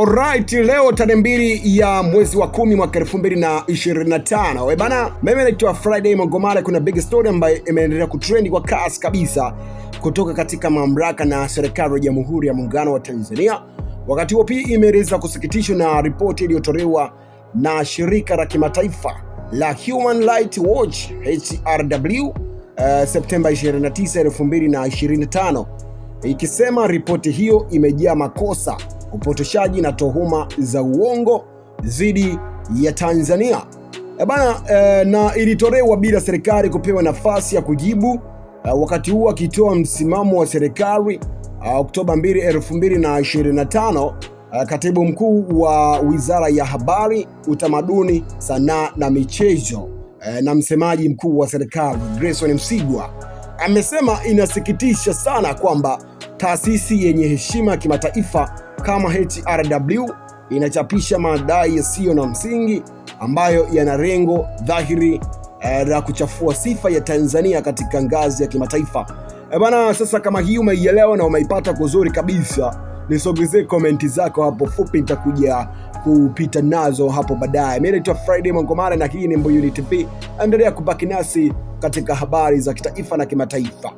Alright, leo tarehe mbili ya mwezi wa kumi mwaka 2025. We eh, bana, mimi naitwa Friday Mogomare. Kuna big story ambayo imeendelea kutrendi kwa kasi kabisa kutoka katika mamlaka na serikali ya Jamhuri ya Muungano wa Tanzania. Wakati huo pia imeeleza kusikitishwa na ripoti iliyotolewa na shirika la kimataifa la Human Rights Watch HRW, uh, eh, Septemba 29, 2025 ikisema ripoti hiyo imejaa makosa upotoshaji na tuhuma za uongo dhidi ya Tanzania e bana, e, na ilitolewa bila serikali kupewa nafasi ya kujibu, e, wakati huo akitoa msimamo wa serikali e, Oktoba 2, 2025. E, katibu mkuu wa Wizara ya Habari, Utamaduni, Sanaa na Michezo na msemaji mkuu wa serikali Grayson Msigwa amesema inasikitisha sana kwamba Taasisi yenye heshima ya kimataifa kama HRW inachapisha madai yasiyo na msingi ambayo yana lengo dhahiri eh, la kuchafua sifa ya Tanzania katika ngazi ya kimataifa. E bana, sasa kama hii umeielewa na umeipata kuzuri kabisa, nisogezee komenti zako hapo fupi, nitakuja kupita nazo hapo baadaye. Mimi naitwa Friday Mwangomara na hii ni Mbuyuni TV. Endelea kubaki nasi katika habari za kitaifa na kimataifa.